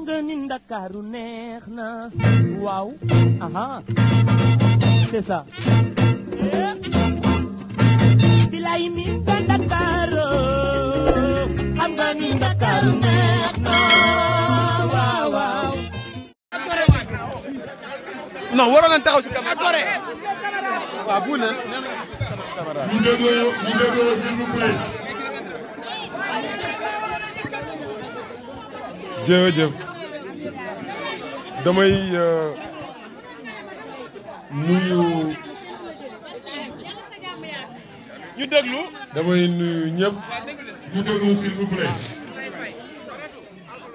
xam nga ni Ndakaaru neex na waaw aha c'est ça eh? bilay ni nga Ndakaaru xam waaw waaw non waroon nañ taxaw ci caméra waaw bu leen ñu dégloo ñu dégloo s'il vous plaît Euh, damay nuyu. ñu ñëpp.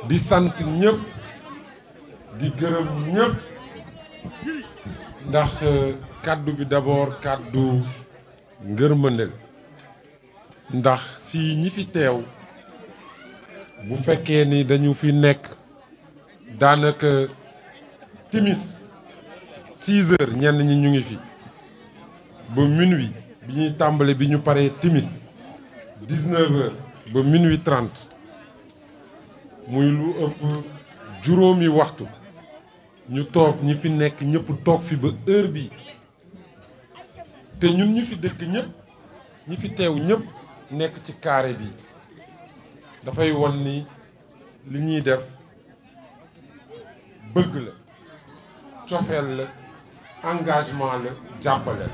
di sant ñëpp. di gërëm ñëpp. ndax euh, kàddu bi d'abord kàddu ngërmandel ndax fii ñi fi teew. bu fekkee ni dañu fi nekk daanaka. timis 6 heures ñenn ñi ñu ngi fi ba minuit bi ñuy tàmbale bi ñu paree timis 19 heures ba minuit 30 muy lu ëpp juróomi waxtu ñu toog ñi fi nekk ñëpp toog fi ba heure bi te ñun ñu fi dëkk ñëpp ñi fi teew ñëpp nekk ci carré bi dafay won ni li ñuy def bëgg la cofeel la engagement la jàppale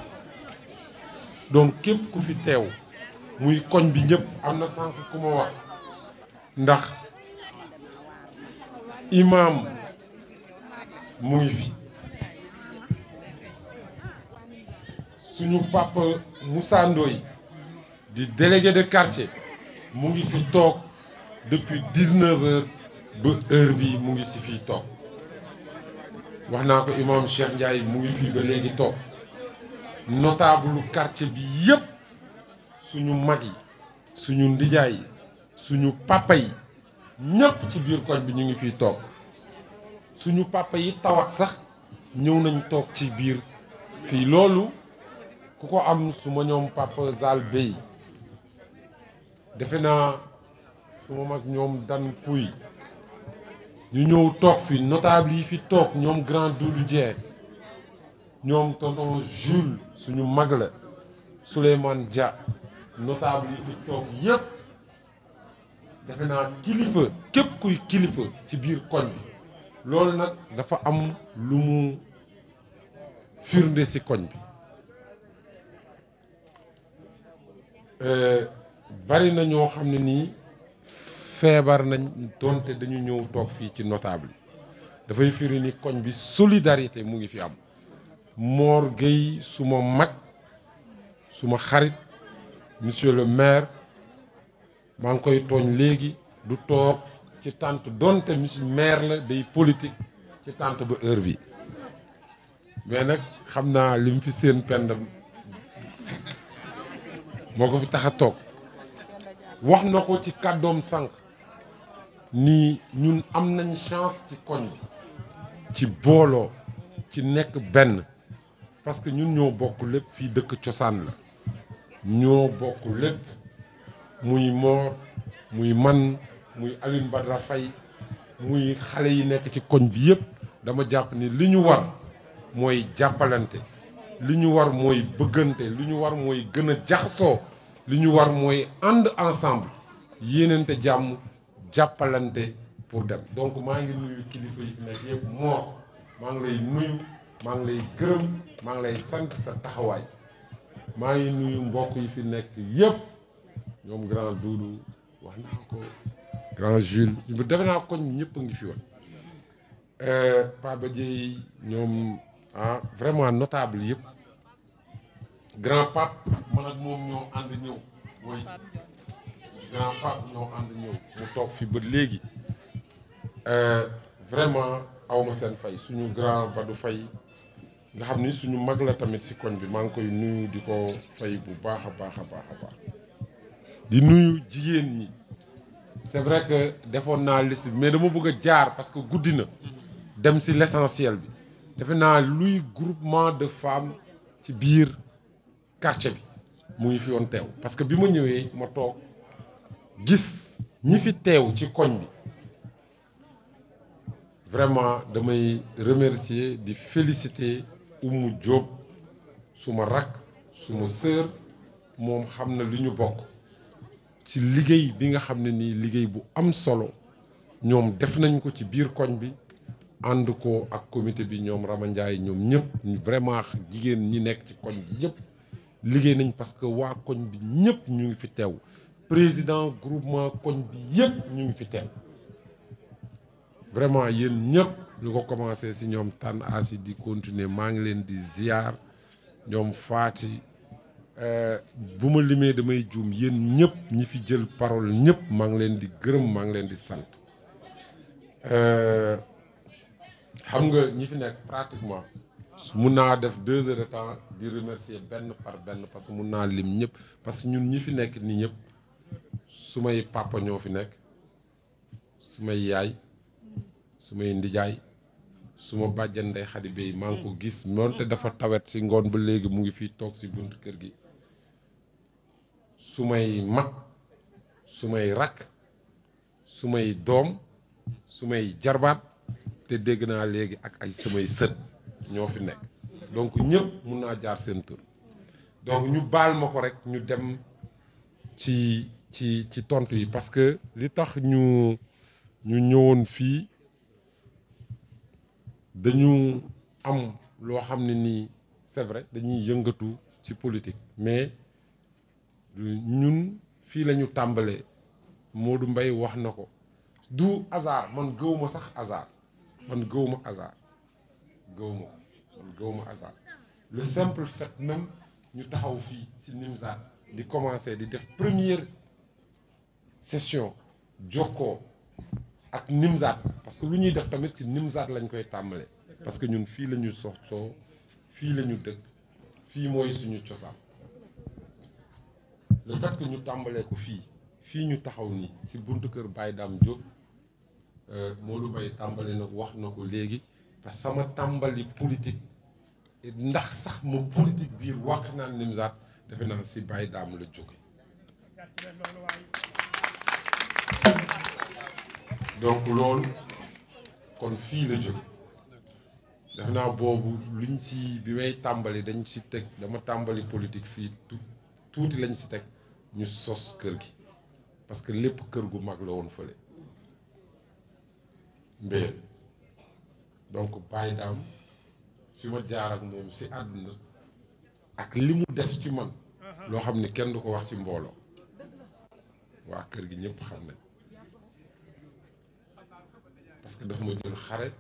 donc képp ku fi teew muy koñ bi ñëpp am na sànq ku ma wax ndax imam mu ngi fi suñu papa Moussa di délégué de quartier mu ngi fi toog depuis 19 heures ba heure bi mu ngi ci fi toog wax naa ko imam Cheikh Ndiaye mu ngi fii ba léegi toog notable quartier bi yëpp suñu mag yi suñu ndijaay yi suñu papa yi ñëpp ci biir koñ bi ñu ngi fi toog suñu papa yi tawat sax ñëw nañ toog ci biir fii loolu ku ko am su ma ñoom papa Zal Bey defe naa su ma mag ñoom dan puy ñu ñëw toog fi notable yi fi toog ñoom grand Doudou Dieng ñoom tonton Jules suñu mag la Souleymane Dia notable yi fi toog yépp defe naa kilifa képp kuy kilifa ci biir koñ bi loolu nag dafa am lu mu firnde ci koñ bi euh, bari na ñoo xam ne nii feebar nañ doonte dañu ñëw toog fii ci notable dafay firi ni koñ bi solidarité mu ngi fi am moor Gueye suma mag suma xarit monsieur le maire maa ngi koy tooñ léegi du toog ci tànt doonte monsieur maire la day politique ci tànt ba heure bi mais nag xam naa lim mu fi seen pend moo ko fi tax a toog wax na ko ci kàddoom sànq nii ñun am nañ chance ci koñ ci booloo ci nekk benn parce que ñun ñoo bokk lépp fii dëkk cosaan la ñoo bokk lépp muy Mor muy man muy Alioune Badara muy xale yi nekk ci koñ bi yëpp dama jàpp ni li ñu war mooy jàppalante li ñu war mooy bëggante li ñu war mooy gën a jaxasoo li ñu war mooy ànd ensemble yéenante jàmm jàppalante pour dem donc maa ngi nuyu kilifa yi fi nekk yëpp moor maa ngi lay nuyu maa ngi lay gërëm maa ngi lay sant sa taxawaay maa ngi nuyu mbokk yi fi nekk yëpp ñoom grand Doudou wax naa ko grand Jules bu defe naa ko ñëpp ngi fi woon euh, Paba Dieye ñoom a ah, vraiment notable yëpp grand Pape man ak moom ñoo ànd ñëw mooy grand pape ñoo ànd ñëw mu toog fi ba léegi euh, vraiment awma seen fay suñu grand Badou Faye nga xam ni suñu mag la tamit si koñ bi maa ngi koy nuyu di ko fay bu baax a baax a baax a baax di nuyu jigéen ñi c'est vrai que defoon naa liste bi mais dama bëgg a jaar parce que guddi na dem si l'essentiel bi defe naa luy groupement de femme ci biir quartier bi mu ngi fi woon teew parce que bi ma ñëwee ma toog gis ñi fi teew ci koñ bi vraiment damay remercier di féliciter Oumou Diop suma rakk suma sœur moom xam na li ñu bokk ci liggéey bi nga xam ne nii liggéey bu am solo ñoom def nañ ko ci biir koñ bi ànd ko ak komité bi ñoom Rama Ndiaye ñoom ñëpp vraiment jigéen ñi nekk ci koñ bi ñëpp liggéey nañ parce que waa koñ bi ñëpp ñu ngi fi teew président groupement koñ bi yëpp ñu ngi fi teew vraiment yéen ñëpp lu ko commencé si ñoom tànn asi di continuer maa ngi leen di ziar ñoom faati euh, bu ma limee damay juum yéen ñëpp ñi fi jël parole ñëpp maa ngi leen di gërëm maa ngi leen di sant euh, xam nga ñi fi nekk pratiquement mun naa def deux heures de temps di remercier benn par benn parce que mun naa lim ñëpp parce que ñun ñi fi nekk nii ñëpp su may papa ñoo fi nekk sumay yaay su sumay ndijaay suma bàjjan Ndey Xadi Bey maa ngi ko gis moonte dafa tawet si ngoon ba léegi mu ngi fii toog si buntu kër gi su may mag su sumay rakk sumay doom sumay jarbaat te dégg naa léegi ak ay samay sët ñoo fi nekk donc ñëpp mun naa jaar seen tur donc ñu baal ma ko rek ñu dem ci ci ci tontu yi parce que li tax ñu ñu ñëwoon fii dañu am loo xam ne nii c'est vrai dañuy yëngatu ci politique mais ñun fii la ñu tàmbalee Modou mbay wax na ko du hasard man gëwuma sax hasard man gëwuma hasard gëwuma ko man gëwuma hasard le simple fait même ñu taxaw fii ci Nimzaat di commencer di def première session jokkoo ak Nimzaat parce que lu ñuy def tamit ci Nimzaat lañ koy tàmbale parce que ñun fii lañu ñu soxtoo fii la ñu dëkk fii mooy suñu cosaan le fait que ñu tàmbalee ko fii fii ñu taxaw nii si buntu kër bay Baye jóg Diop euh, Modou bay tàmbale na wax na ko léegi parce que sama tàmbali politique ndax sax ma politique biir wax naan Nimzaat defe naa si Baye Dame la jóge donc loolu kon fii la jóg def naa boobu luñ si bi may tàmbali dañ si teg dama tàmbali politique fii tuuti lañ si teg ñu sos kër gi parce que lépp kër gu mag la woon fële mbéyeen donc bàyyi daam fi ma jaar ak moom si àdduna ak li mu def ci man loo xam ne kenn du ko wax ci mbooloo waa kër gi ñëpp xam nañ parce que dafa ma jël xare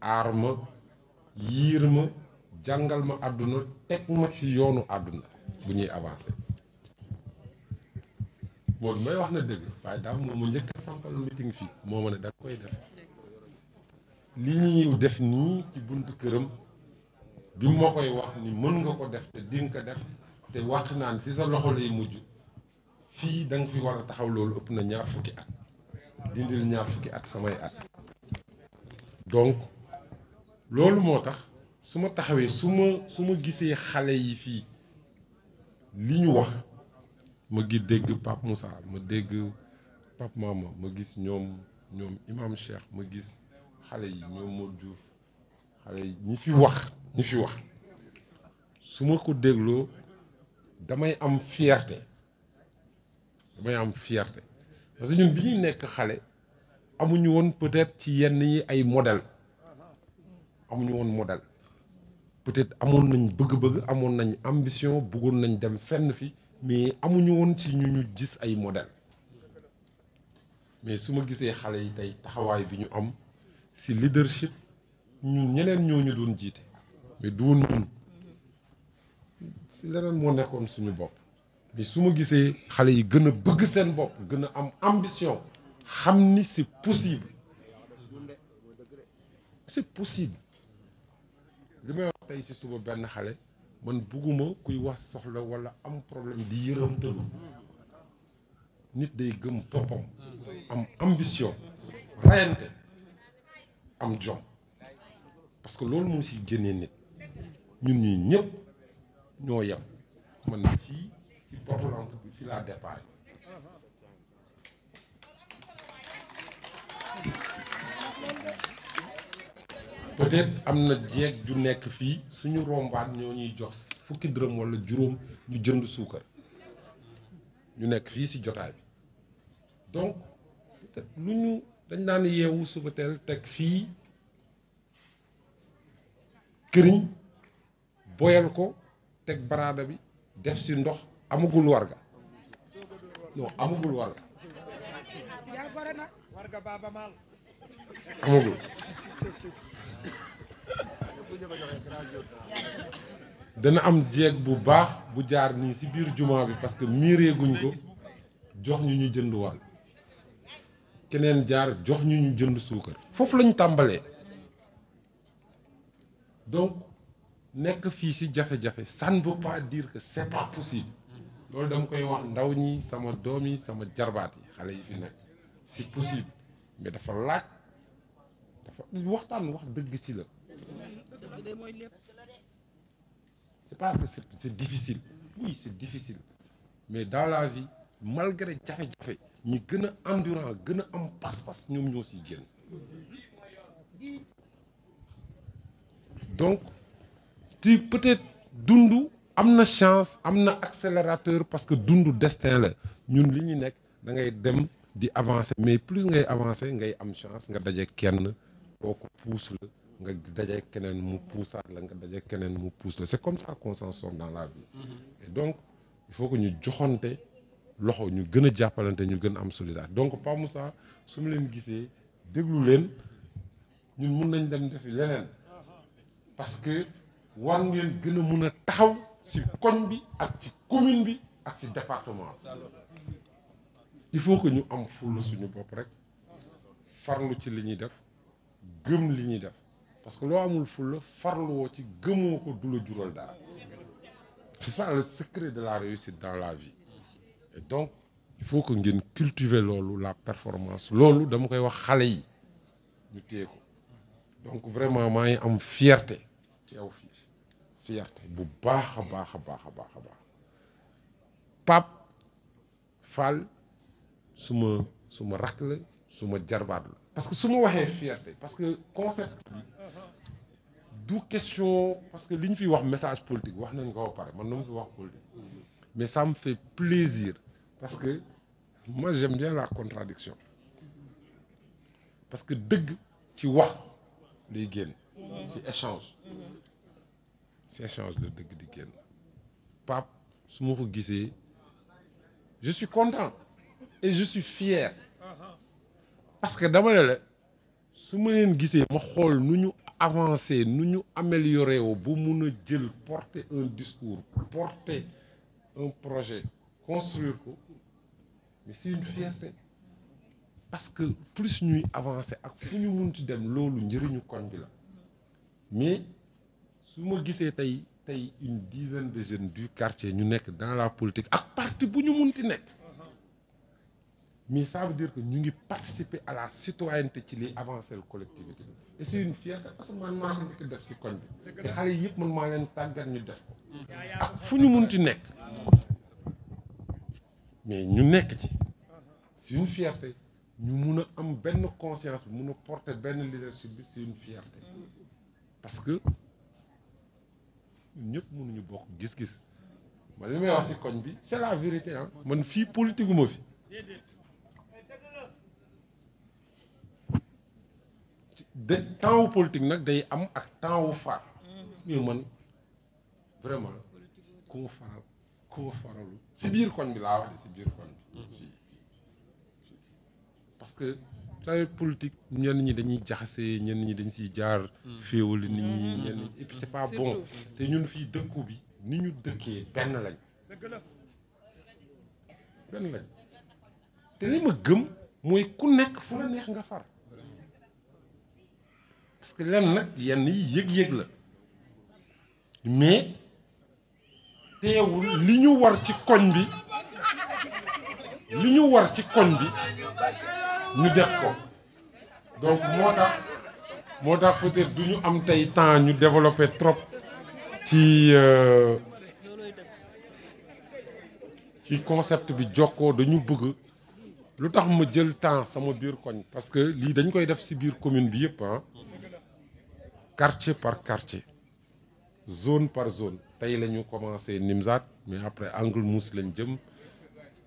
aar ma yiir ma jàngal ma àdduna teg ma ci yoonu àdduna bu ñuy avancé boobu may wax na dëgg waaye daaw moom mu njëkk sampal meeting fii moo ma ne da koy def li ñuy def nii ci buntu këram bi mu ma koy wax ni mën nga ko def te ding ko def te wax naan si sa loxo lay mujj fii da fi war a taxaw loolu ëpp na ñaar fukki at dindil ñaar fukki at samay at donc loolu moo tax su ma taxawee su ma su ma gisee xale yi fii li ñu wax ma gi dégg Pape Moussa ma dégg Pape Mama ma gis ñoom ñoom Imam Cheikh ma gis xale yi ñoom Modou Diouf xale yi ñi fi wax ñi fi wax su ma ko dégloo damay am fierte damay am fierté parce que ñun bi ñuy nekk xale amuñu woon peut-être ci yenn yi ay modèle amuñu woon modèle peut-être amoon nañ bëgg-bëgg amoon nañ ambition bëggoon nañ dem fenn fii mais amuñu woon ci ñu ñu gis ay modèle mais su ma gisee xale yi tey taxawaay bi ñu am si leadership ñu ñeneen ñoo ñu doon jiite mais du woon ñun si leneen moo nekkoon suñu bopp mais su ma gisee xale yi gën a bëgg seen bopp gën a am ambition xam ni c'est possible c'est possible li may wax si suba benn xale man bugguma kuy wax soxla walla am problème di yërëmtalu nit day gëm boppam am ambition rayante am jom parce que loolu moo si génnee nit ñun ñi ñëpp ñoo yem man fii populante être am na jeeg ju nekk fii suñu rombaan ñoo ñuy jox fukki dërëm walla juróom ñu jënd suukar ñu nekk fii si jotaay bi donc lu ñu dañ naan yeewu suba teg fii këriñ boyal ko teg baraada bi def ci ndox amagul warga amagul dana am jeeg bu baax bu jaar nii ci biir jumaa bi parce que miiree guñ ko jox ñu ñu jënd wàll keneen jaar jox ñu ñu jënd suukar foofu lañu tàmbalee donc nekk fii ci jafe-jafe ça ne veut pas dire que loolu dama koy wax ndaw ñi sama doom yi sama jarbaat yi xale yi fi nekk si possible mais dafa laaj dafa waxtaan wax bëgg si la c'est pas c'est difficile oui mais dans la vie malgré jafe-jafe ñi gën a endurant gën a am pas-pas ñoom ñoo si génn donc ti peut-être dund am na chance am na accélérateur parce que dundu destin la ñun li ñu nekk da ngay dem di avancé mais plus ngay avancé ngay am chance nga daje kenn koo ko pousse la nga daje keneen mu poussaat la nga daje keneen mu pousse la c'est comme ça qu'on s'en sort dans la vie mm-hmm. donc il faut que ñu joxante loxo ñu gën a jàppalante ñu gën a am solidarité donc Pa Moussa su ma leen gisee déglu leen ñun mun nañ dem defi leneen parce que war ngeen gën a mun a taxaw si koñ bi ak ci commune bi ak si département bi il faut que ñu am fulla suñu bopp rek farlu ci li ñuy def gëm li ñuy def parce que loo amul fulla farluwoo ci gëmoo ko du la jural dara c'est ça le secret de la réussite dans la vie et donc il faut que ngeen cultiver loolu la performance loolu dama koy wax xale yi ñu téye ko donc vraiment maa ngi am fierte ci yow fierté bu baax a baax a baax a baax a baax Pape Fall suma suma rakk la ma jarbaat la parce que su ma waxee fierté parce que concept bi du question parce que li ñu fi wax message politique wax nañ ko pare man na mu fi wax politique mais ça me fait plaisir parce que moi j'aime bien la contradiction parce que dëgg ci wax lay génn ci échange séchange la dëgg di génn Pape su ma ko gisee je suis content et je suis fier parce que dama ne la su ma leen gisee ma xool nu ñu avancé nu ñu amélioré woo bu mun a jël porter un discours porter un projet construire ko mais c'est une fierté parce que plus ñuy avancer ak fu ñu mun ci dem loolu njëriñu koñ bi la mais su ma gisee tey tey une dizaine de jeune du quartier ñu nekk dans la politique ak parti bu ñu mun ti nekk mais ça veut dire que ñu ngi participer à la citoyenneté ci li avancer le collectivité et c'est une def si koñ bi te xale yëpp man maa leen tàggat ñu def ko ak fu ñu munti nekk mais ñu nekk ci c'est une fierté ñu mun a am benn conscience mun a porter benn leadership bi c'est une fierté parce que ñun ñëpp mënuñu bokk gis-gis ma li may wax si koñ bi c'est la vérité ah man fii politique ma fi de temps wu nag day am ak temps wu faar ñu man vraiment ku faral ku faralu si biir koñ bi laa wax de si biir koñ bi parce c'est politique ñenn ñi dañuy jaxase ñenn ñi dañ siy jaar. Hmm. féewal nit ñi hmm. ñenn ñi et te ñun fii dëkku bi ni ñu dëkkee benn lañ. benn lañ te li ma gëm mooy ku nekk fu la neex nga far parce que lenn nag yenn yi yëg-yëg la mais teewul li ñu war ci koñ bi li ñu war ci koñ bi. ñu def ko donc moo tax moo tax peut du ñu am tey temps ñu développer trop ci euh, ci concept bi jokkoo dañu bëgg lu tax ma jël temps sama biir koñ parce que lii dañ koy def ci biir commune bi yëpp ah quartier par quartier zone par zone tey la ñu commencé Nimzat mais après Angle Mousse lañ jëm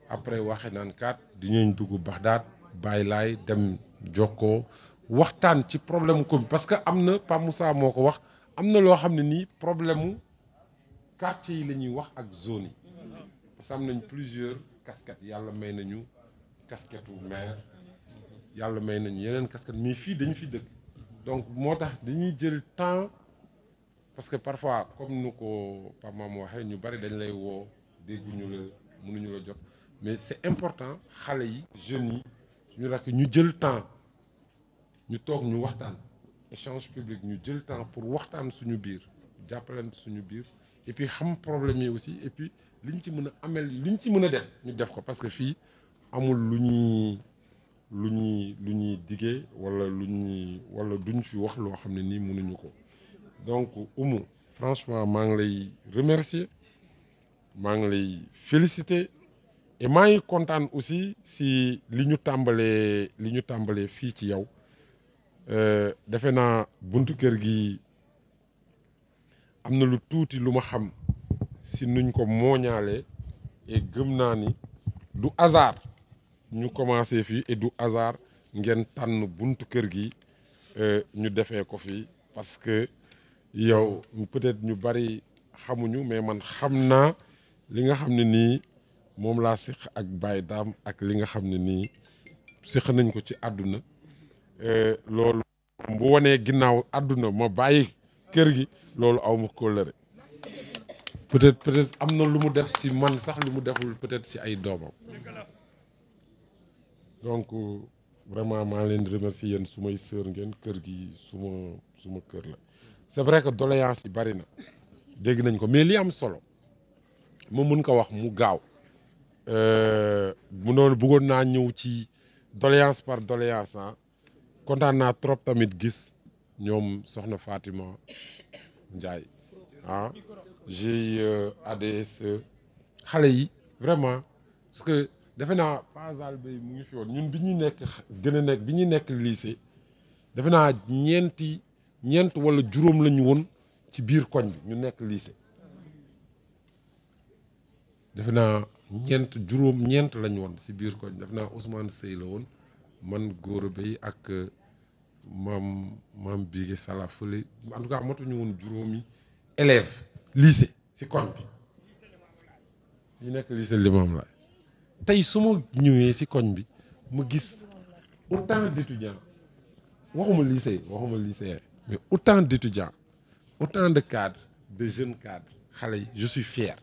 après waxe naan kaat di ñuñ dugg Baxdaat Baye Laay dem jokkoo waxtaan ci problème mu parce que am na Pa Moussa moo ko wax am na loo xam ne nii problème mu quartier yi la ñuy wax ak zone yi parce que am nañ plusieurs casquettes yàlla may nañu casquette wu maire yàlla may nañu yeneen casquette mais fii dañu fi dëkk donc moo tax dañuy jël temps parce que parfois comme nu ko Pa Maam waxee ñu bari dañ lay woo dégguñu la mënuñu la jot mais c'est important xale yi jeunes yi suñu rakk ñu jël temps ñu toog ñu waxtaan échange public ñu jël temps pour waxtaan suñu biir jàppalante suñu biir et xam problème yi aussi et puis liñ ci mën a amel liñ ci mën a def ñu def ko parce que fii amul lu ñuy lu ñuy lu ñuy diggee wala lu ñu wala duñ fi wax loo xam ne nii mënuñu ko donc Oumou franchement maa ngi lay remercier maa ngi lay féliciter et maa ngi kontaan aussi si li ñu tàmbalee li ñu tàmbalee fii ci yow euh, defe naa buntu kër gi am na lu tuuti lu ma xam si nuñ ko mooñaalee et gëm naa ni du hasard ñu commencé fii et du hasard ngeen tànn buntu kër gi euh, ñu defee ko fii parce que yow peut-être ñu bari xamuñu mais man xam naa li nga xam ne nii moom laa siq ak Baye daam ak li nga xam ne nii siq nañ ko ci àdduna eh, loolu bu wanee ginnaaw àdduna ma bàyyi kër gi loolu aw ma kóllëre peut-être peut am na lu mu def si man sax lu mu deful peut-être si ay doomam donc vraiment maa leen di remercier yéen su may sœur ngeen kër gi suma suma kër la c'est vrai que doléance yi bari na dégg nañ ko mais li am solo ma mën ko wax mu gaaw mu euh, noonu bëggoon naa ñëw ci doléance par doléance ah. kontaan naa trop tamit gis ñoom soxna Fatima Ndiaye ah GIE euh, ADSE xale yi vraiment parce que defe naa pasal bay mu ngi fi woon ñun bi ñuy nekk gën a nekk bi ñuy nekk lycée defe naa ñeenti ñeent wala juróom lañu woon ci biir koñ bi ñu nekk lycée defe naa ñeent juróom ñeent lañ woon si biir koñ def naa Ousmane Sey la woon man góor Gora Beye ak euh, maam maam Biége Sala fële en tout cas matuñu woon juróomi élève lycée si koñ bi ñu nekk lycée limon la tey su ma ñëwee si koñ bi mu gis autant d'étudiants waxuma lycée waxuma lycée mais autant d'étudiants autant de cadres de jeunes cadres xale yi je suis fier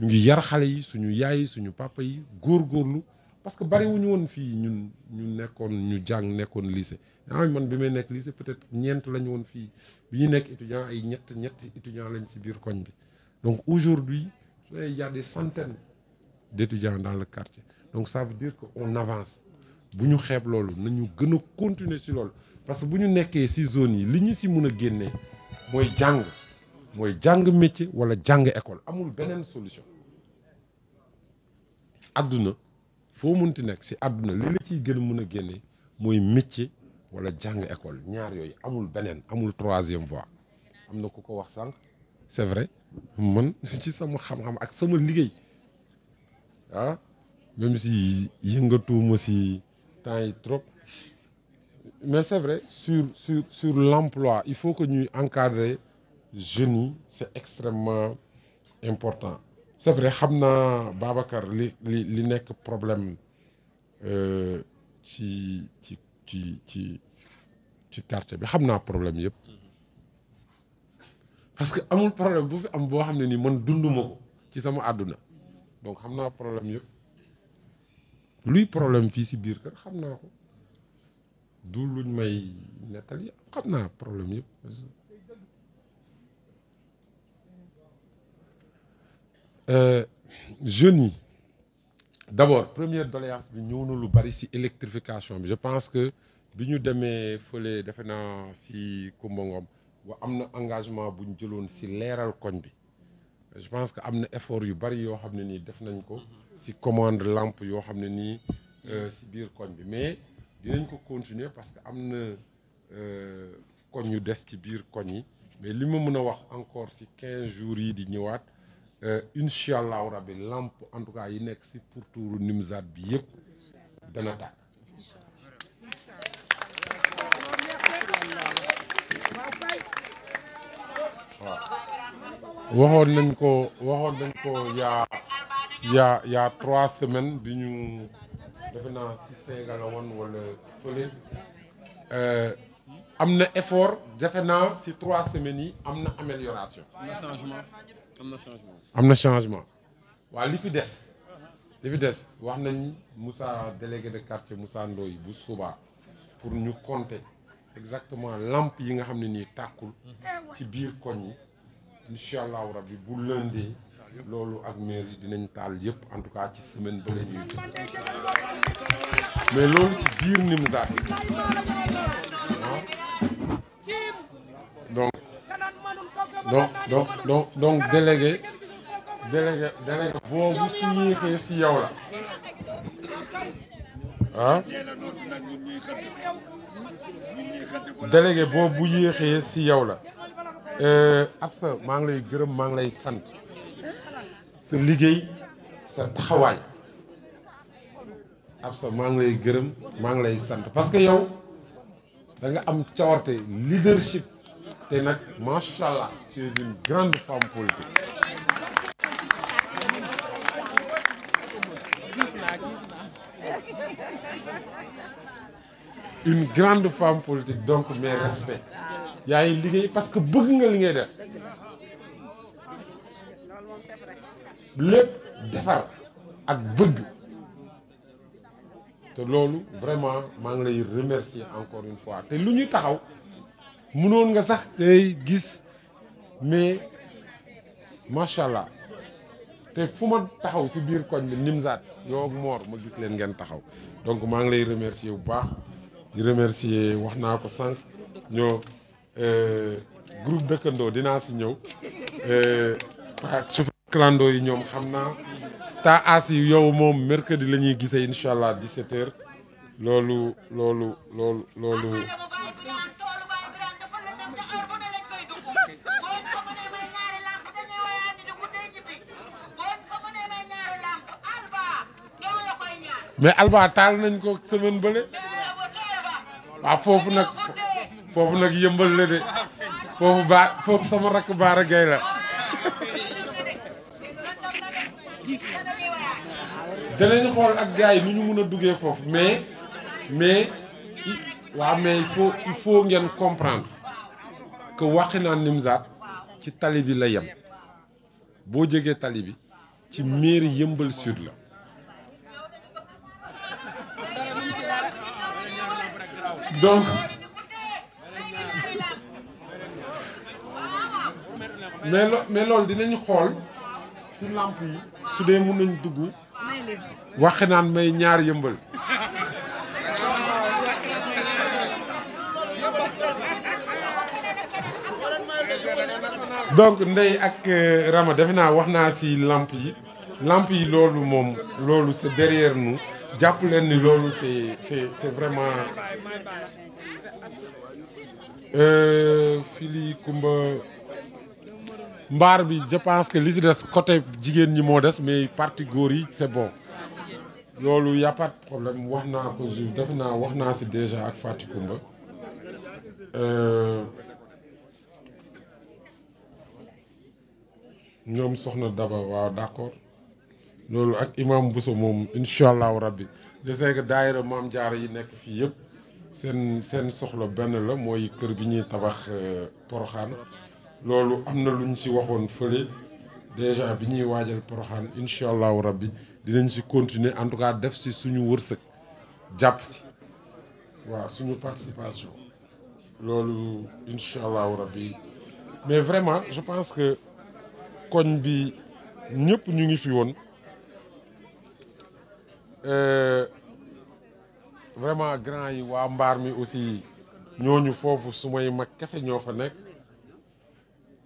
ñu ngi yar xale yi suñu yaay suñu papa yi góor góorgóorlu parce que bari woon fii ñun ñu nekkoon ñu jàng nekkoon lycée ah man bi may nekk lycée peut-être ñeent lañu woon fii bi ñu nekk étudiant ay ñett ñetti étudiant lañ si biir koñ bi donc aujourd'hui il y a des centaines d'étudiants dans le quartier donc ça veut dire que on avance bu ñu xeeb loolu nañu gën a continuer si loolu parce que bu ñu nekkee si zone yi li ñu si mun a génnee mooy jàng mooy jàng métier wala jàng école amul beneen solution àdduna foo munti nekk si àdduna li la ciy gën mun a génne mooy métier wala jàng école ñaar yooyu amul beneen amul troisième voie am na ku ko wax sànq c'est vrai man ci sama xam-xam ak sama liggéey ah même si yëngatuuma si temps yi trop mais c'est vrai sur sur sur l'emploi il faut que ñuy encadrer jeunes yi c'est extrêmement important c'est vrai xam naa Babacar li li li nekk problème euh, ci ci ci ci ci quartier bi xam naa problème yëpp parce que amul problème bu fi am boo xam ne nii man dunduma ko ci sama àdduna donc xam naa problème yëpp luy problème fii si biir kër xam naa ko du luñ may nettali xam naa problème yëpp Euh, jeunes yi d' abord première doléance bi ñëw na lu bari si électrification bi je pense que bi ñu demee fële defe naa si Kumba Ngom wa am na engagement bu ñu jëloon si leeral koñ bi je pense que am na effort yu bari yoo xam ne nii def nañ ko si commande lampe yoo xam ne nii si euh, biir koñ bi mais dinañ ko continuer parce que am na euh, koñ yu des ci biir koñ yi mais li ma mën a wax encore si quinze jours yi di ñëwaat Euh, incha allahu rabbi lamp en tout cas yi nekk si pourtuuru Nimzaat bi yëpp dana tàkk waxoon nañ ko waxoon nañ ko yaa yaa yaa trois semaines bi ñu defe naa si Sénégal wala fële euh, am na effort defe naa si trois semaines yi am na amélioration changement am na changement am na changement. waaw li fi des. li fi des wax nañ Moussa délégué de quartier Moussa Ndoye bu subaa pour ñu compter exactement lampe yi nga xam ne nii tàkkul ci biir koñ yi incha allahu rabbi bu lëndee loolu ak maire yi dinañ taal yëpp en tout cas ci semaine ba la ñuy mais loolu ci biir Nimzaat donc donc donc donc donc boobu su yéexee si yow la ah délégué bu yéexee si yow la euh, Absa maa ngi lay gërëm maa ngi lay sant sa liggéey sa taxawaay Absa maa ngi lay gërëm maa ngi lay sant parce que yow da am cawarte leadership te nag macha allah tu es une grande femme politique. une grande femme politique donc mes respects. yaa ngi liggéey parce que bëgg nga li ngay def. lépp defar ak bëgg. te loolu vraiment maa ngi lay remercier encore une fois te lu ñu taxaw. mënoon nga sax tey gis mais macha allah te fu ma taxaw si biir koñ bi Nimzaat yow ak ma gis leen ngeen taxaw donc maa ngi lay remercier bu baax di remercier wax naa ko sànq ñoo euh, groupe dëkkandoo dinaa si ñëw euh, su clando yi ñoom xam naa taa aas yi yow moom mercredi la ñuy gisee incha allah 17 loolu loolu loolu loolu. mais Alba taal nañ ko semaine bële waaw foofu nag foofu nag yëmbal la de foofu baa foofu sama rakk Baara Gueye la danañ xool ak gars yi nu ñu mun a duggee foofu mais mais waaw mais il faut il faut ngeen comprendre que Wakhinane Nimzatt ci tali bi la yem boo jegee tali bi ci mairie yëmbal sud la donc mais xool si nañ dugg wax naan ñaar yëmbal donc ndey ak euh, Rama defe naa wax naa si làmp yi làmp yi loolu moom loolu c'est derrière nous jàpp leen ni loolu c'est c'est vraiment euh, fii lii Kumba mbaar bi je pense que li si des côté jigéen ñi moo des mais parti góor yi c'est bon loolu y a problème wax naa ko jour def naa wax naa si déjà ak Fatou Kumba euh, ñoom soxna Daba waaw d'accord loolu ak imam Bousso moom incha allahu rabbi je sais que daayira maam jaara yi nekk fii yëpp seen seen soxla benn la mooy kër gi ñuy tabax euh, poroxaan loolu am na lu ñu si waxoon fële déjà bi ñuy waajal poroxaan incha allahu rabbi dinañ si continuer en tout cas def si suñu wërsëg jàpp si waaw suñu participation loolu incha allahu rabbi mais vraiment je pense que koñ bi ñëpp ñu ngi fi woon Euh, vraiment grand yi waa mbaar mi aussi ñooñu foofu su may mag kese ñoo fa nekk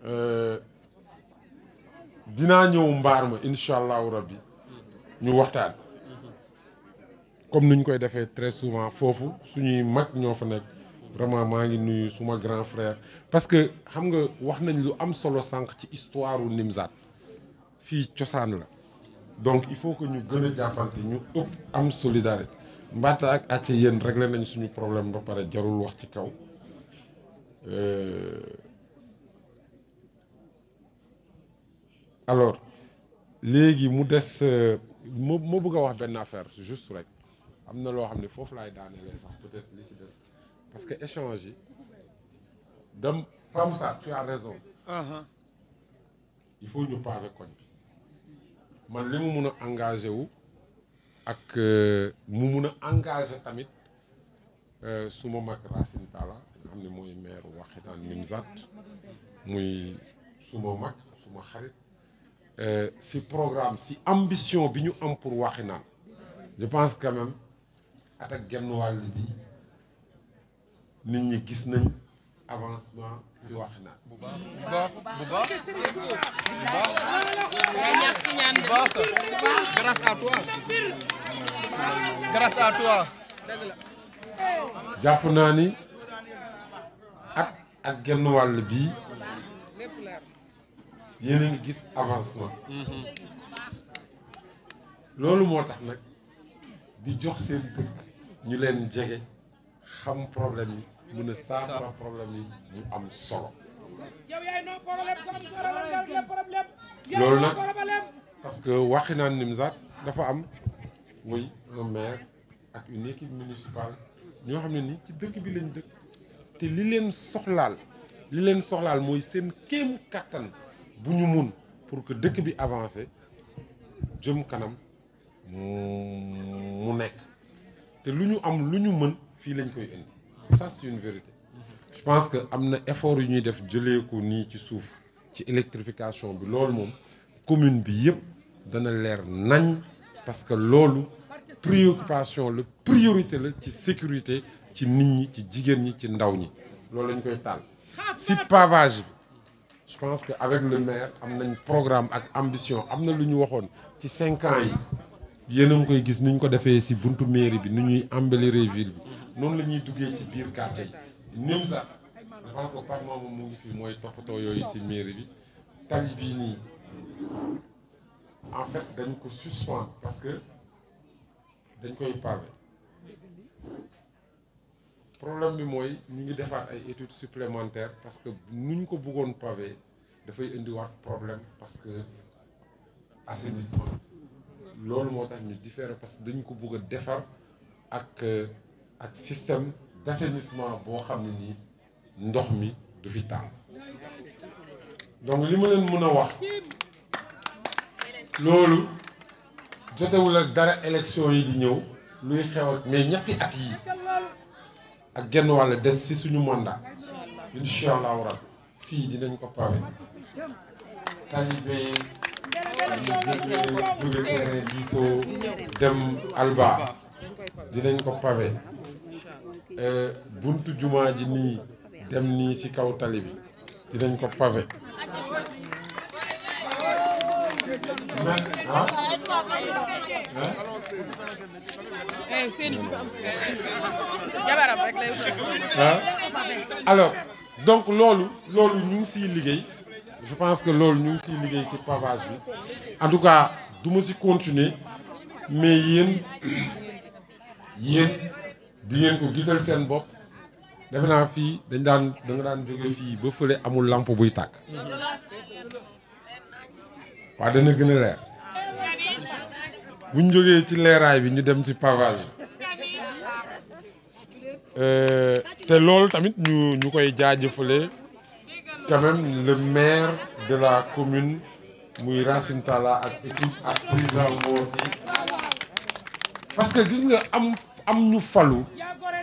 euh, dinaa ñëw mbaar ma incha allahu rabbi ñu waxtaan comme ni koy defee très souvent foofu suñuy mag ñoo fa nekk vraiment maa ngi nuyu suma grand frère parce que xam nga wax nañ lu am solo sànq ci histoire wu Nimzaat fii cosaan la donc il faut que ñu gën a jàppante ñu ëpp am solidarité mbaata ak àcce yéen réglé nañ suñu problème ndox pare jarul wax ci kaw euh, alors léegi mu des mo euh, moo bëgg a wax benn affaire juste rek am na loo xam ne foofu laay daanelee sax peut-être li si des parce que échange yi dam Pape Moussa tu as raison uh-huh. il faut ñu pavé koñ bi man li mu mun a engagé wu ak euh, mu mun a engagé tamit euh, suma mag Racine Talla nga xam ne mooy maire Wakhinane Nimzatt muy suma mag suma xarit euh, si programme si ambition bi ñu am pour Wakhinane je pense quand même genn wàll bi nit ñi gis nañ avancement jàpp naa ni ak ak genn wàll bii yéen a ngi gis avancement loolu moo tax nag di jox seen bëgg ñu leen jege xam problème yi mën na saafara problème yi mu am solo loolu na parce que Wakhinane Nimzatt dafa am muy un maire ak une équipe municipale ñoo xam ne ni ci dëkk bi lañ dëkk te li leen soxlaal li leen soxlaal mooy seen kéem kàttan bu ñu mun pour que dëkk bi avancé jëm kanam mu nekk te lu ñu am lu ñu mën fii lañ koy indi ça c'est je pense que am na effort yu ñuy def jëlee ko nii ci suuf ci électrification bi loolu moom commune bi yëpp dana leer nañ parce que loolu préoccupation la priorité la ci sécurité ci nit ñi ci jigéen ñi ci ndaw ñi loolu lañ koy taal si pavage bi je pense que avec le maire am nañ programme ak ambition am na lu ñu waxoon ci cinq ans yi yéen a ngi koy gis ni ñu ko defee si buntu mairie bi ni ñuy embellir ville bi noonu la ñuy duggee ci biir quartier yi NIMSA je pense que par moom mu ngi fi mooy toppatoo yooyu si mairie bi tali bii nii en fait dañ ko suspendre parce que dañ koy pavé problème bi mooy ñu ngi defaat ay études supplémentaires parce que nu ñu ko buggoon pavé dafay indiwaat problème parce que assainissement loolu moo tax ñu différé parce que dañ ko bëgg defar ak euh, ak système d'assainissement boo xam ne nii ndox mi du fi taal donc li ma leen mën a wax loolu jotewul ak dara élection yi di ñëw luy xew ak mais ñetti at yi ak genn wàll des ci suñu mandat incha allahu fii dinañ ko pawe talibé ñu jóge dem alba dinañ ko pawe Euh, buntu jumaa ji nii dem nii ci kaw tali bi dinañ ko pavé man ah donc loolu loolu ñu ngi siy liggéey je pense que loolu ñu ngi liggéey ci pavage bi en tout cas du ma si continuer mais yéen yéen di ngeen ko gisal seen bopp defe naa fii dañ daan da daan jóge fii ba fële amul lampe buy tàkk waa dana gën leer buñ jógee ci leeraay bi ñu dem ci pavage euh, te lool tamit ñu ñu koy jaajëfale quand même le maire de la commune muy rasintala Talla ak équipe ak président Mor parce que gis am ñu falu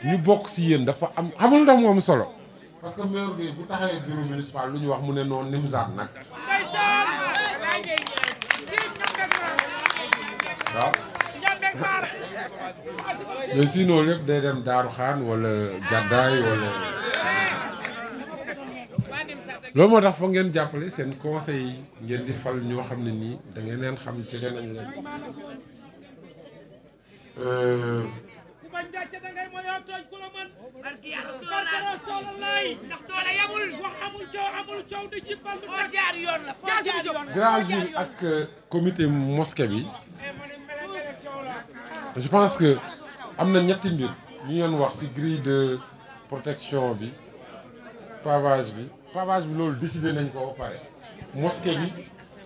ñu bokk ci yéen dafa am xamul ndax moom solo parce que maire lu ñu wax mu ne noonu Nimzaat nag waaw mais sinon Xaan wala Gaddaay wala loolu moo tax foog ngeen jàppale seen conseil yi ngeen di fal ñoo xam ne nii da ngeen leen xam jege nañ leen euh, bañ gàcce ak euh, comité mosquée bi eh, je pense que am na ñetti mbir ñu yoon wax ci grille de protection bi pavage bi pavage bi loolu décidé nañ ko ba pare mosquée bi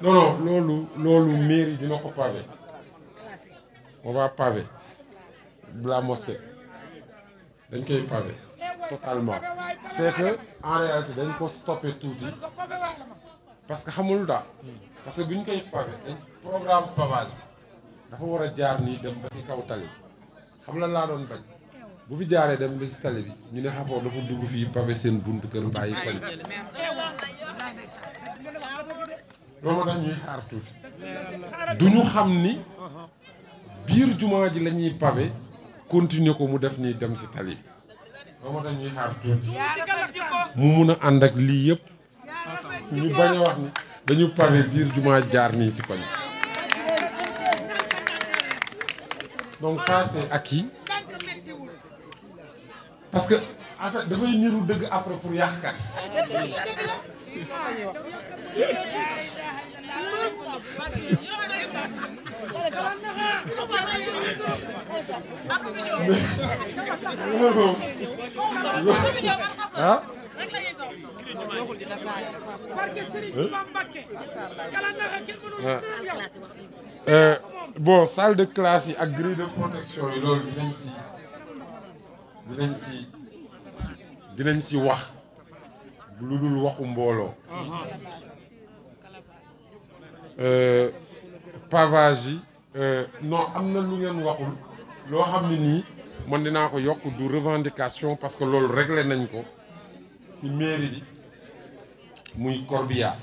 non non loolu mairie dina ko pavé on va pavé la mosquée dañ koy pavé totalement c'est que en réalité dañ ko stoppé tuuti parce que xamul daal parce que bu ñu koy pavé dañ programme pavage bi dafa war a jaar nii dem ba ci kaw tali xam la laa doon bañ bu fi jaaree dem ba ci tali bi ñu ne xafoor dafa dugg fii pavé seen buntu kër bàyyi koñ loolu dañ ñuy xaar tuuti du ñu xam ni biir jumaa ji la ñuy continuer ko mu def nii dem si tali ba mu mun a ànd ak lii yëpp ñu bañ a wax ni dañu pare biir jumaa jaar nii si koñ donc ça c'est acquis parce que en fait dafay niru dëgg après pour yàqkat yi ah. bon salle classe yi ak grille de protection yi loolu dinañ si dinañ si dinañ wax lu dul waxu mbooloo. Euh, pavage yi. Euh, non am na lu ngeen waxul loo xam ne nii man naa ko yokk du revendication parce que loolu réglé nañ ko ci mairie bi muy corbillard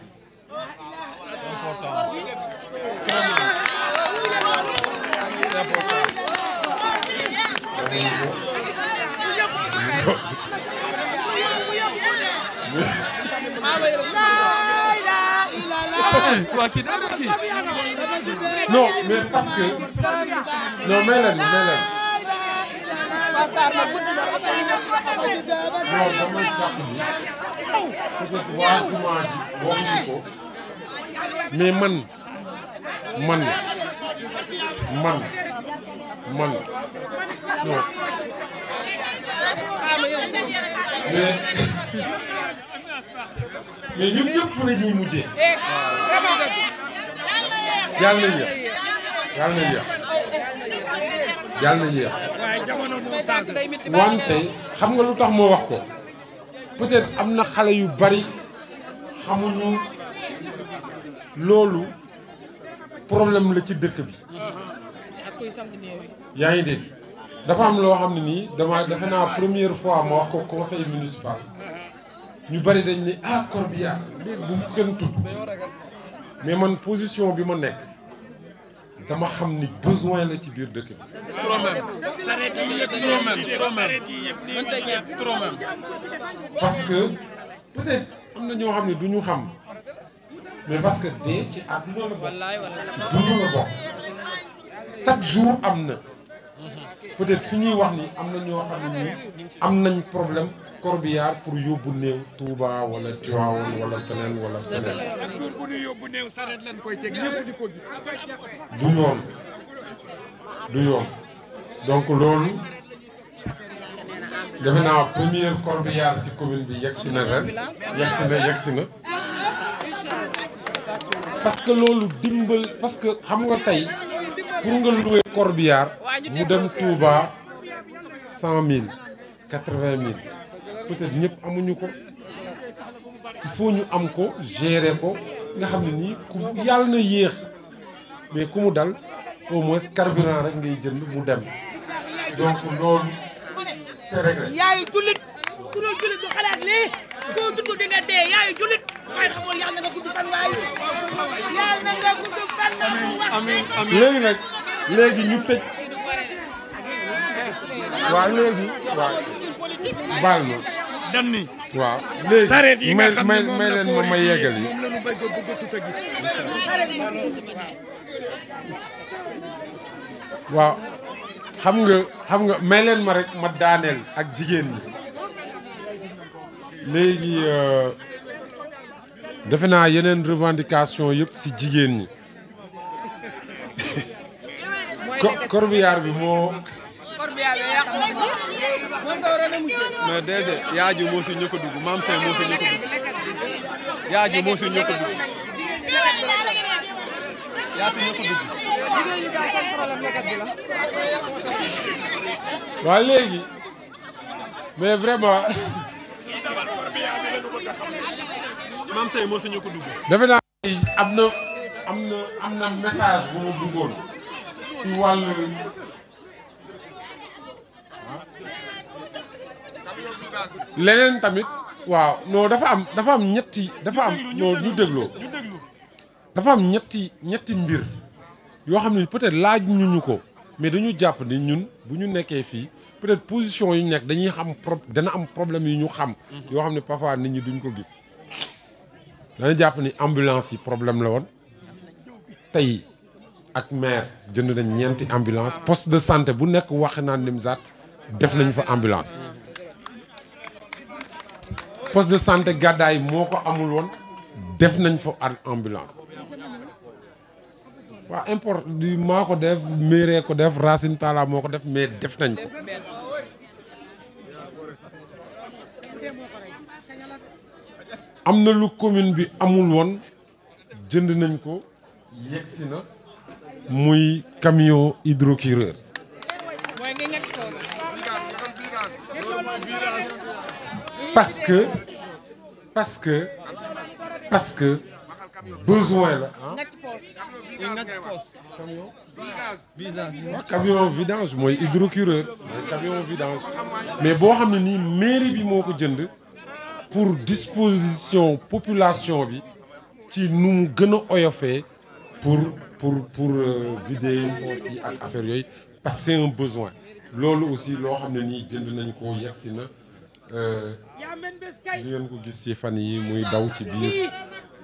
non mais parce que non may leen may man man man man non. ñun ñëpp fu la yàlla na yéex yàlla na yéex yàlla na wante xam nga lu tax moo wax ko peut-être am na xale yu bari xamuñu loolu problème la ci dëkk bi yaa ngi dégg dafa am loo xam ne nii dama defe naa première fois ma wax ko conseil municipal uh-huh. ñu bari dañ ne ah Corbillard bu kenn tudd mais man position bi ma nekk dama xam ni besoin la ci biir dëkk bi. parce que peut-être am na ñoo xam ne du ñu xam mais parce que dee ci àdduna la bokk chaque jour am na mhm. peut-être fi ñuy wax ni am na ñoo xam ne am nañ problème. corbillard pour yóbbu néew Touba wala Tiwaawan wala feneen wala feneen. du yoon du yoon donc loolu defe naa première corbillard ci commune bi yegg si na ren yegg na yegg na parce que loolu dimbal parce que xam nga tey pour nga louer corbillard mu dem Touba cent mille quatre-vingt mille. peut-être ñëpp amuñu ko il ñu am ko gérer ko nga xam ne nii ku yàlla na yéex mais ku mu dal au moins carburant rek ngay jënd mu dem donc loolu yaayu jullit ku doon jullit bu xalaat lii koo tudd di nga dee yaayu jullit waaye xamoon yàlla na nga gudd fan waayu yàlla na nga gudd fan na amiin amiin léegi nag léegi ñu tëj waaw léegi waaw baal ma dan ni waaw léegi sareet yi nga xam yeggal yi waaw xam nga xam nga may ma rek ma daaneel ak jigéen ñi léegi euh, defe naa yeneen revendication yëpp si jigéen ñi corbillard bi moo mais DG yaaju moo si ñëkk a dugg maam Seye moo si ñëkk a dugg yaaju moo si ñëkk a dugg yaa si ñëkk a dugg. waaw léegi mais vraiment. maam Seye moo si ñëkk a dugg. defe naa am na am na am na message bu ma bëggoon leneen tamit waaw noo dafa am dafa am ñetti dafa am non ñu dégloo dafa am ñetti ñetti mbir yoo xam ne peut-être laaj ñu ñu ko mais dañu jàpp ni ñun bu ñu nekkee fii peut-être position yu nekk dañuy xam pro dana am problème yu ñu xam mhm. yoo xam ne parfois nit ñi duñu ko gis dana jàpp ni ambulance yi problème la woon tey ak maire jënd nañ ñeenti ambulance poste de sante bu nekk wax naan Nimzaat def nañu fa ambulance mhm. poste de santé gàddaay moo ko amul woon def nañ fa ak ambulance waa import di maa ko def mairie ko def Racine Talla moo ko def mais def nañ ko am na lu commune bi amul woon jënd nañ ko muy camion hydrocureur parce que parce que parce que besoin la ah. camion vidange mooy hydrocureur mooy camion vidange mais boo xam ne nii mairie bi moo ko jënd pour disposition population bi ci nu gën a oyofee pour pour pour euh, vider foos affaire yooyu parce que c'est un besoin loolu aussi loo xam ne nii jënd nañ ko yegsi na. Euh, di ngeen ko gis ci fan yi muy daw ci biir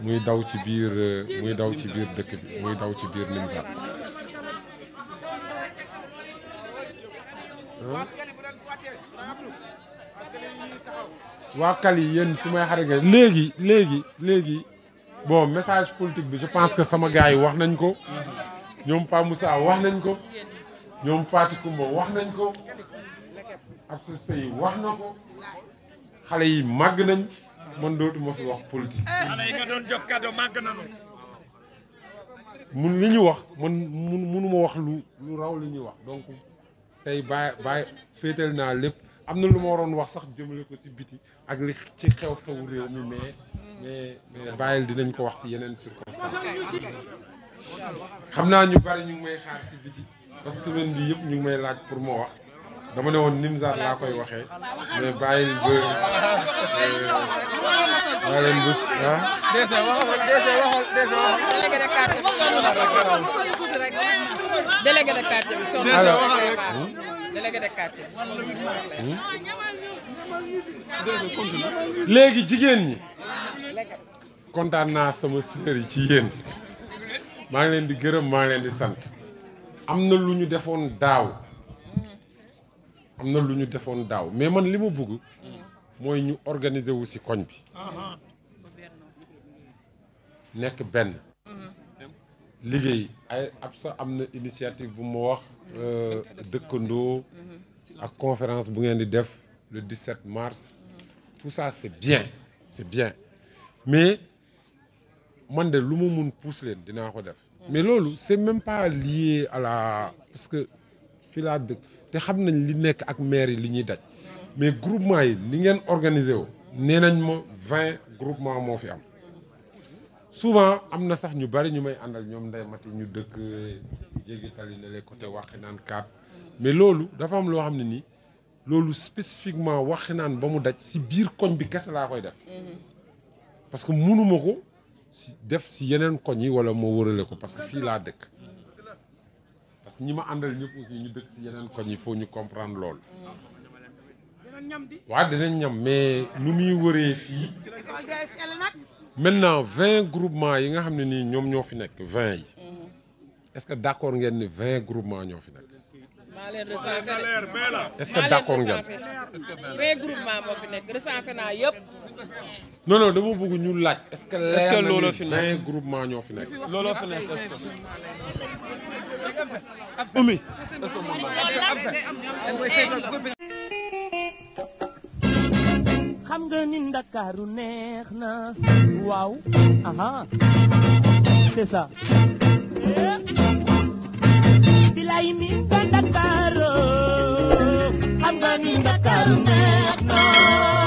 muy daw ci biir muy daw ci biir dëkk bi muy daw ci biir Nimzaat waa Kali yéen su may xarit nga léegi léegi léegi bon message politique bi je pense que sama gars yi wax nañ ko ñoom Pa wax nañ ko ñoom Fatou Coumba wax nañ ko ak sa sëy wax na ko xale yi màgg nañ mën man ma fi wax politique. Ah. xale yi nga doon mun li ñu wax man mun munuma wax lu lu raw li ñuy wax donc tey bàyyi bàyyi féetal naa lépp am na lu ma waroon wax sax jëmale ko si biti ak li ci xew-xewu réew mi mais mais mais bàyyil dinañ ko wax si yeneen circonstances. xam naa ñu bari ñu may xaar si biti parce que semaine bi yëpp ñu ngi may laaj pour ma wax. dama ne woon Nimzaat laa koy waxee mais bàyyil ba maa leen bés ah. hmm? hmm? jigéen ñi kontaan naa sama sœur maa ngi leen di gërëm maa ngi leen di sant am na lu ñu defoon daaw. am na lu ñu defoon daaw mais man li ma bugg mooy ñu organiser wu ci koñ bi nekk benn liggéey ay ab sa am na initiative bu ma wax euh, dëkkandoo ak conférence bu ngeen di def le 17 mars tout ça c'est bien c'est bien mais man de lu mu mun pousse leen dinaa ko def mais loolu c'est même pas lié à la parce que fii laa dëkk te xam nañ li nekk ak maire yi li ñuy daj mais groupement yi ni ngeen organisé wu nee nañ ma vingt groupement moo fi am souvent am na sax ñu bari ñu may àndal ñoom nday mati ñu dëkk jéggi tali ne les côté Waxinaan kaat mais loolu dafa am loo xam ne nii loolu spécifiquement Waxinaan ba mu daj si biir koñ bi kese laa koy def parce que munuma ko si def si yeneen koñ yi wala moo wërale ko parce que fii laa dëkk ñi ma àndal ñëpp aussi ñu dëkk ci yeneen koñ il faut ñu comprendre lool waa dinañ ñam mais nu muy wëree fii. maintenant vingt groupement yi nga xam ne nii ñoom ñoo fi nekk vingt yi. Mhm. est-ce que d'accord ngeen ni vingt groupement ñoo fi nekk. maa leen recensé ce que d'accord ngeen. vingt naa yëpp. non non dama bëgg ñu laaj. est-ce que leer na ni vingt ñoo fi nekk. looloo fi nekk est xam nga ni Ndakaaru neex na. waaw. aha c'est ça. Eh? bilay mi nga neex na.